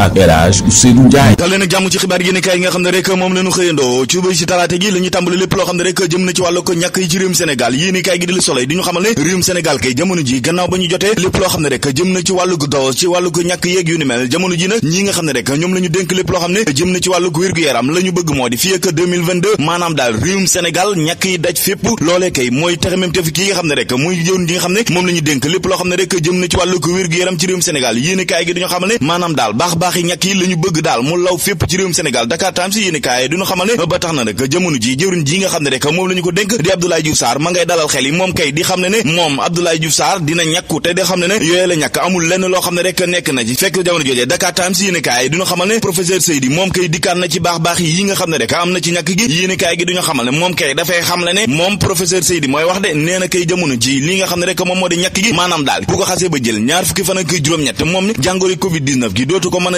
ak El Hadj Ousseynou Ndiaye dal leen ak jàmm ci xibaar yéen kaay yi nga xam ne rek moom la ñu lépp loo xam ne rek jëm jëm ne ci wàllu ko wér-gu-yaram ci wàllu ko wér gu gi di xamal ne maanaam daal baax baax yi ñàkk yi la bëgg daal mu law fépp ci réewum Sénégal Dakar Times si yéen kaay duñu xamal ne ba tax na ne ko dénk di Abdoulaye nga xamal ne moom kay dafay xam ne ne moom professeur Seydi mooy wax de nee kay jamono ji li nga xam ne rek moom moo di ñàkk gi maanaam daal bu ko xasee ba jël ñaar fukki fan ak juróom-ñett moom jàngoro covid 19 gi dootu ko mën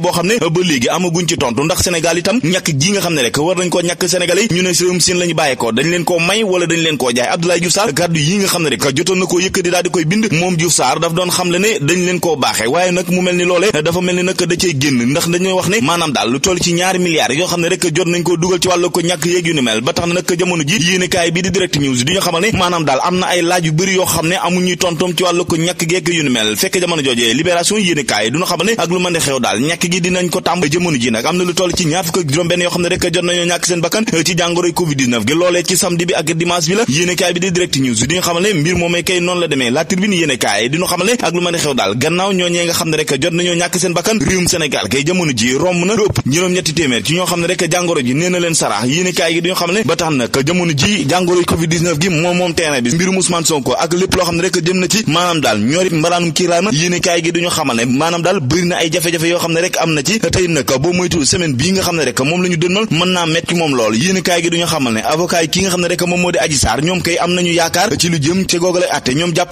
boo xam ne ba léegi amaguñ ci tontu ndax Sénégal itam ñàkk ji nga xam ne rek war nañ koo ñàkk Sénégalais ñu ne réewum Siin lañu bàyyee ko dañ leen koo may wala dañ leen ko jaay Abdoulaye Diouf Sarr kàddu yi nga xam ne rek jotoon na koo yëkkati daal di koy bind moom Diouf Sarr daf doon xam ne dañ leen koo baaxee waaye nag mu mel ni loole dafa mel ni nag da cey génn ndax dañuy wax ne maanaam daal lu toll ci ñaari milliards yoo xam ne rek jot nañ koo dugal ci wàllu ko ñàkk yéeg yu ni mel ba tax na nag jamono ji yéenekaay bi di direct news di xamal ne maanaam daal am na ay laaj yu bëri yoo ne amuñuy tontom ci wàllu ko ñàkk geek yu ni mel fekk jamono joojee libération yéenekaay du ñu xamal ne ak lu mën gi dinañ ko tàmb jamono ji nag am na lu toll ci ñaar fukk ak jot nañoo ñàkk seen bakkan ci jàngoroy covid gi loolee ci samedi bi ak dimanche bi la yéenekaay bi di xamal ne ba tax na jamono jëm na ci maanaam daal ñoori mbaraanum kiiraama yéenekaay gi di xamal ne maanaam daal bëri ay jafe-jafe yoo xam ne rek am na ci tey nag boo moytu semaine bii nga xam ne rek moom la ñu dënmal mën naa metti moom lool yéen kaay gi duñu xamal ne avocat yi moo di Adji Sarr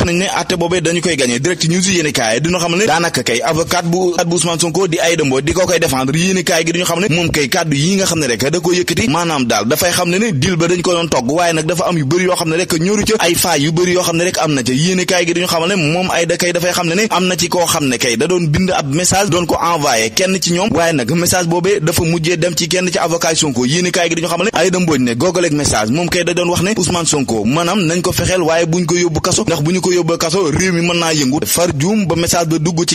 nañ ne atte boobee dañu koy gagné direct xamal ne koy défendre yéen kaay gi duñu xam ne moom kay kàddu yi ne rek da ko waaye nag dafa am yu bëri yoo xam ne rek ñoru ca yoo xam ne na ca yéen kaay gi duñu xamal ne moom Aïda kay dafay xam ne ne am na ci koo xam ne kay da doon bind ab message doon ko envoyé ay kenn ci ñoom waaye nag message boobee dafa mujjee dem ci kenn ci avocat Sonko yéen kaay gi dañu xamal ne Aïda Mbodj ne googaleeg message moom kay da ko fexeel yóbbu kaso ndax bu ñu ko yóbbu kaso réew mi mën naa yëngu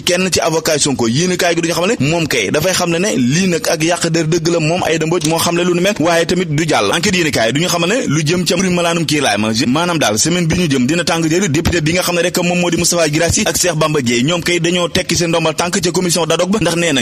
kenn ci avocat Sonko yéen kaay gi duñu xamal ne moom kay dafay xam ne ne lii nag ak yàq der dëgg la moom Aïda Mbodj moo xam ne lu nu mel waaye tamit du jàll enquête yéen duñu xamal ne lu jëm ci mbirum malaanum ma maanaam daal semaine bi ñu jëm dina tàng jëri député bi xam ne rek moom moo di Moustapha Guirassy ak Cheikh Bamba ñoom kay dañoo tekki seen ndombal tànk ca commission d'ad hoc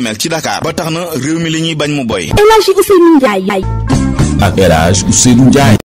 ni mel ci Dakar ba tax na réew mi li ñuy bañ mu boy El Hadji Ousseynou Ndiaye ak El Hadji Ousseynou Ndiaye